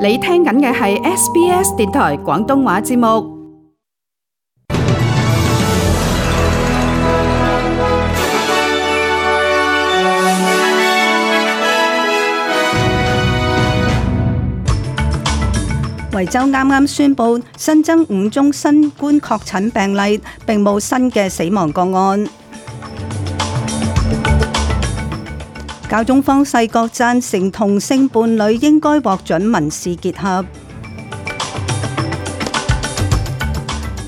你聽緊嘅係 SBS 電台廣東話節目。維州啱啱宣布新增五宗新冠確診病例，並冇新嘅死亡個案。教宗方濟各贊成同性伴侶應該獲准民事結合。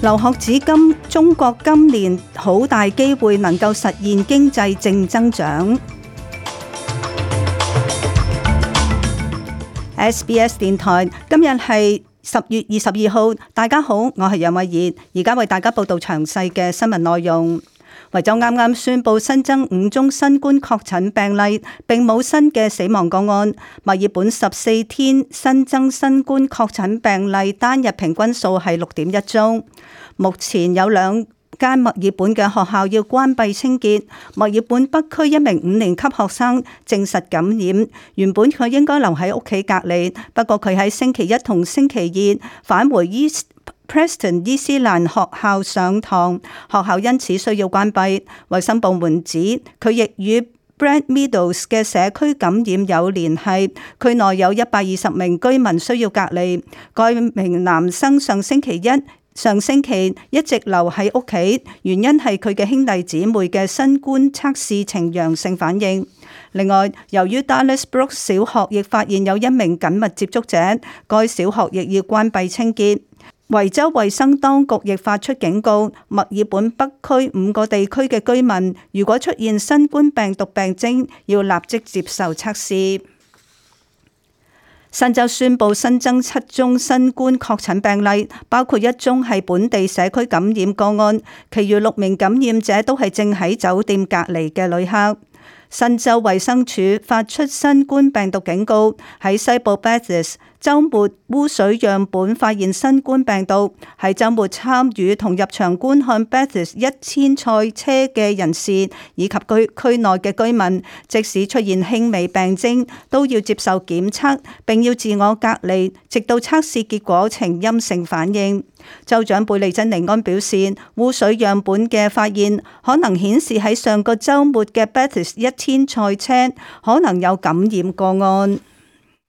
劉鶴指，中國今年好大機會能夠實現經濟正增長。SBS 電台今日係十月二十二號，大家好，我係楊偉業，而家為大家報道詳細嘅新聞內容。維州啱啱宣佈新增五宗新冠確診病例，並冇新嘅死亡個案。墨爾本十四天新增新冠確診病例單日平均數係六點一宗。目前有兩間墨爾本嘅學校要關閉清潔。墨爾本北區一名五年級學生證實感染，原本佢應該留喺屋企隔離，不過佢喺星期一同星期二返回 East Preston 伊斯蘭學校上堂，學校因此需要關閉。衛生部門指佢亦與 Broadmeadows 嘅社區感染有聯繫，區內有一百二十名居民需要隔離。該名男生上星期一上星期一直留喺屋企，原因係佢嘅兄弟姊妹嘅新冠測試呈陽性反應。另外，由於 Dallas Brooks 小學亦發現有一名緊密接觸者，該小學亦要關閉清潔。維州衛生當局亦發出警告，墨爾本北區五個地區嘅居民如果出現新冠病毒病徵，要立即接受測試。新州宣布新增七宗新冠確診病例，包括一宗係本地社區感染個案，其餘六名感染者都係正喺酒店隔離嘅旅客。新州衛生署發出新冠病毒警告，喺西部 Bays，周末污水樣本發現新冠病毒，喺周末參與同入場觀看 Bathurst 一千賽車嘅人士以及居區內嘅居民，即使出現輕微病徵，都要接受檢測，並要自我隔離，直到測試結果呈陰性反應。州長貝利真尼安表示，污水樣本嘅發現可能顯示喺上個周末嘅 Bathurst 一千賽車可能有感染個案。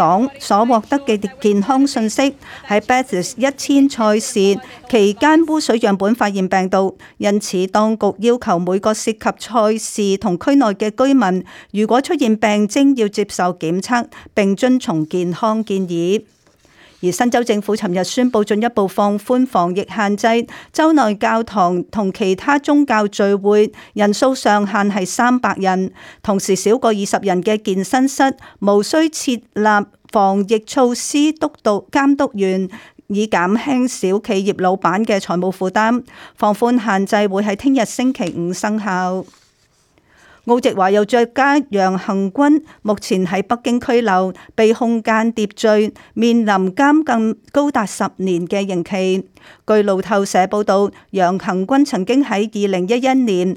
港所獲得嘅健康信息，喺 Bathurst 一千賽事期間污水樣本發現病毒，因此當局要求每個涉及賽事同區內嘅居民，如果出現病徵要接受檢測並遵從健康建議。而新州政府尋日宣布進一步放寬防疫限制，州內教堂同其他宗教聚會人數上限係三百人，同時少過二十人嘅健身室無需設立防疫措施督導監督員，以減輕小企業老闆嘅財務負擔。放寬限制會喺聽日星期五生效。澳籍華裔作家楊恒軍，目前喺北京拘留，被控間諜罪，面臨監禁高達十年嘅刑期。據路透社報道，楊恒軍曾經喺二零一一年。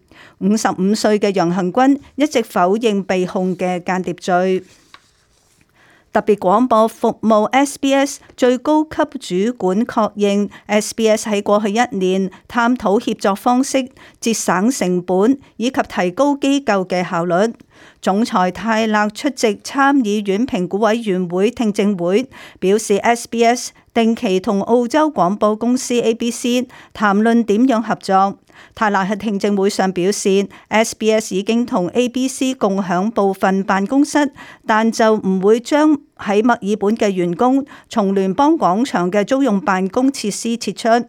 五十五歲嘅楊恆均一直否認被控嘅間諜罪。特別廣播服務 SBS 最高級主管確認，SBS 喺過去一年探討協作方式，節省成本以及提高機構嘅效率。總裁泰勒出席參議院評估委員會聽證會，表示 SBS 定期同澳洲廣播公司 ABC 談論點樣合作。泰勒喺聽證會上表示，SBS 已經同 ABC 共享部分辦公室，但就唔會將喺墨爾本嘅員工從聯邦廣場嘅租用辦公設施撤出。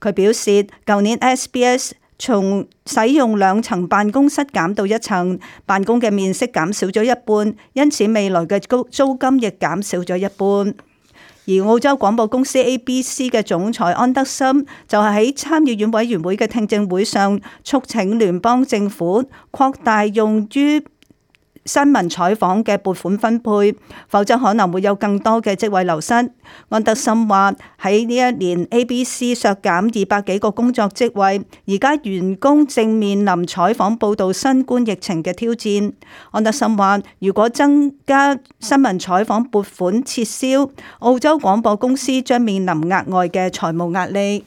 佢表示，舊年 SBS 從使用兩層辦公室減到一層，辦公嘅面積減少咗一半，因此未來嘅租金亦減少咗一半。而澳洲廣播公司 ABC 嘅總裁安德森就係喺參議院委員會嘅聽證會上促請聯邦政府擴大用於新聞採訪嘅撥款分配，否則可能會有更多嘅職位流失。安德森話：喺呢一年 ABC 削減二百幾個工作職位，而家員工正面臨採訪報導新冠疫情嘅挑戰。安德森話：如果增加新聞採訪撥款撤銷，澳洲廣播公司將面臨額外嘅財務壓力。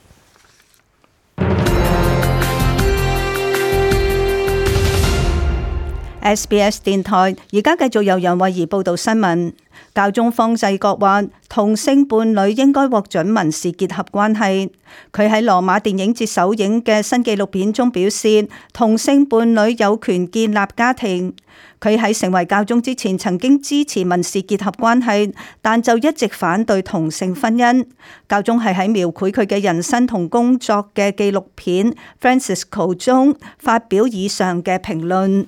SBS 電台而家繼續由楊慧儀報道新聞。教宗方濟各話，同性伴侶應該獲准民事結合關係。佢喺羅馬電影節首映嘅新紀錄片中表示，同性伴侶有權建立家庭。佢喺成為教宗之前，曾經支持民事結合關係，但就一直反對同性婚姻。教宗係喺描繪佢嘅人生同工作嘅紀錄片《Francisco》中發表以上嘅評論。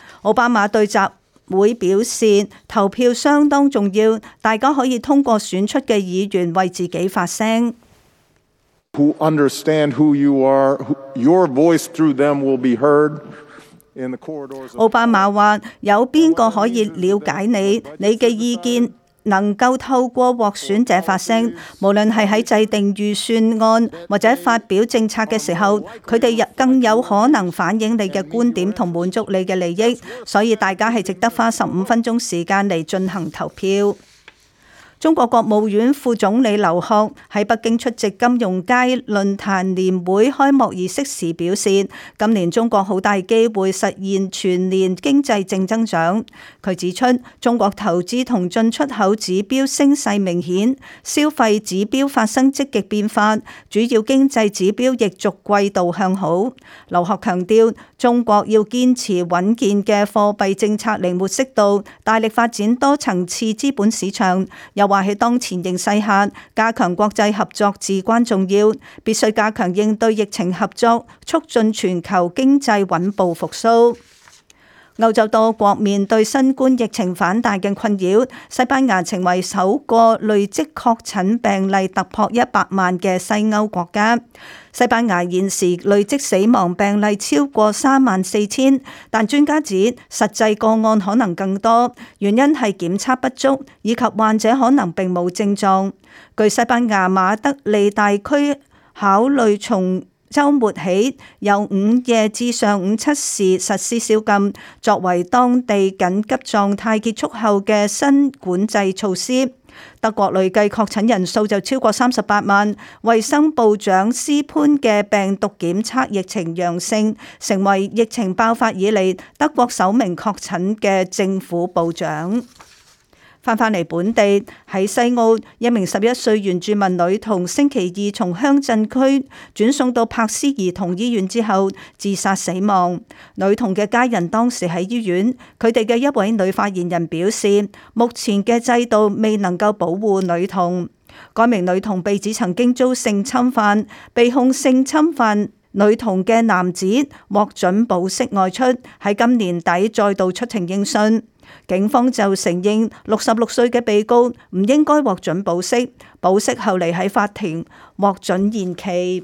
奧巴馬對集會表示，投票相當重要，大家可以通過選出嘅議員為自己發聲。奧巴馬話：有邊個可以了解你，你嘅意見？能夠透過獲選者發聲，無論係喺制定預算案或者發表政策嘅時候，佢哋更有可能反映你嘅觀點同滿足你嘅利益，所以大家係值得花十五分鐘時間嚟進行投票。中國國務院副總理劉鶴喺北京出席金融街論壇年會開幕儀式時表示，今年中國好大機會實現全年經濟正增長。佢指出，中國投資同進出口指標升勢明顯，消費指標發生積極變化，主要經濟指標亦逐季度向好。劉鶴強調，中國要堅持穩健嘅貨幣政策靈活適度，大力發展多層次資本市場，話起當前形勢下，加強國際合作至關重要，必須加強應對疫情合作，促進全球經濟穩步復甦。歐洲多國面對新冠疫情反彈嘅困擾，西班牙成為首個累積確診病例突破一百萬嘅西歐國家。西班牙現時累積死亡病例超過三萬四千，但專家指實際個案可能更多，原因係檢測不足，以及患者可能並冇症狀。據西班牙馬德里大區考慮從周末起由午夜至上午七時實施宵禁，作為當地緊急狀態結束後嘅新管制措施。德國累計確診人數就超過三十八萬。衛生部長斯潘嘅病毒檢測疫情陽性，成為疫情爆發以嚟德國首名確診嘅政府部長。翻返嚟本地，喺西澳一名十一歲原住民女童星期二從鄉鎮區轉送到柏斯兒童醫院之後自殺死亡。女童嘅家人當時喺醫院，佢哋嘅一位女發言人表示，目前嘅制度未能夠保護女童。嗰名女童被指曾經遭性侵犯，被控性侵犯女童嘅男子獲准保釋外出，喺今年底再度出庭應訊。警方就承認六十六歲嘅被告唔應該獲准保釋，保釋後嚟喺法庭獲准延期。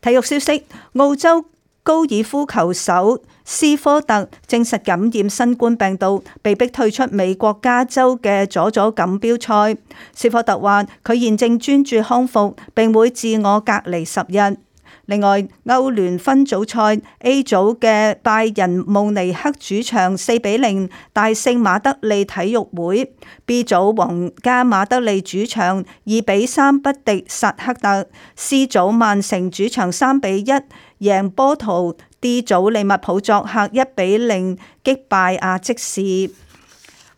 體育消息：澳洲高爾夫球手斯科特證實感染新冠病毒，被迫退出美國加州嘅佐佐錦標賽。斯科特話佢現正專注康復，並會自我隔離十日。另外，歐聯分組賽 A 組嘅拜仁慕尼黑主場四比零大勝馬德里體育會；B 組皇家馬德里主場二比三不敵薩克達；C 組曼城主場三比一贏波圖；D 組利物浦作客一比零擊敗阿積士。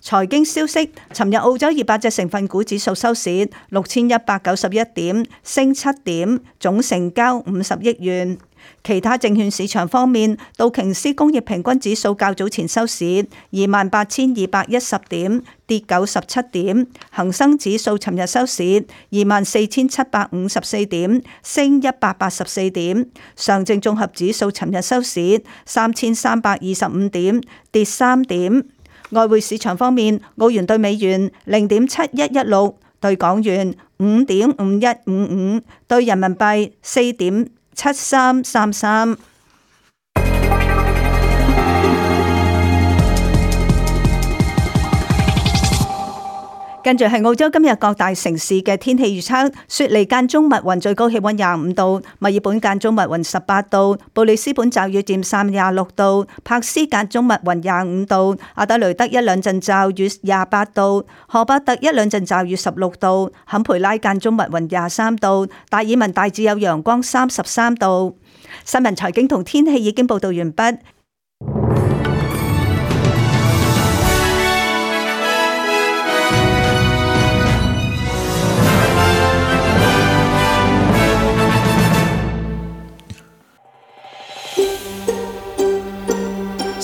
財經消息，尋日澳洲二百隻成分股指數收市六千一百九十一點，升七點，總成交五十億元。其他證券市場方面，道瓊斯工業平均指數較早前收市二萬八千二百一十點，跌九十七點。恒生指數尋日收市二萬四千七百五十四點，升一百八十四點。上證綜合指數尋日收市三千三百二十五點，跌三點。外匯市場方面，澳元兌美元零點七一一六，兌港元五點五一五五，兌人民幣四點七三三三。跟住係澳洲今日各大城市嘅天氣預測：雪梨間中密雲，最高氣温廿五度；墨爾本間中密雲十八度；布里斯本驟雨天，三廿六度；珀斯間中密雲廿五度；阿德雷德一兩陣驟雨，廿八度；荷巴特一兩陣驟雨，十六度；坎培拉間中密雲廿三度；達爾文大致有陽光，三十三度。新聞財經同天氣已經報道完畢。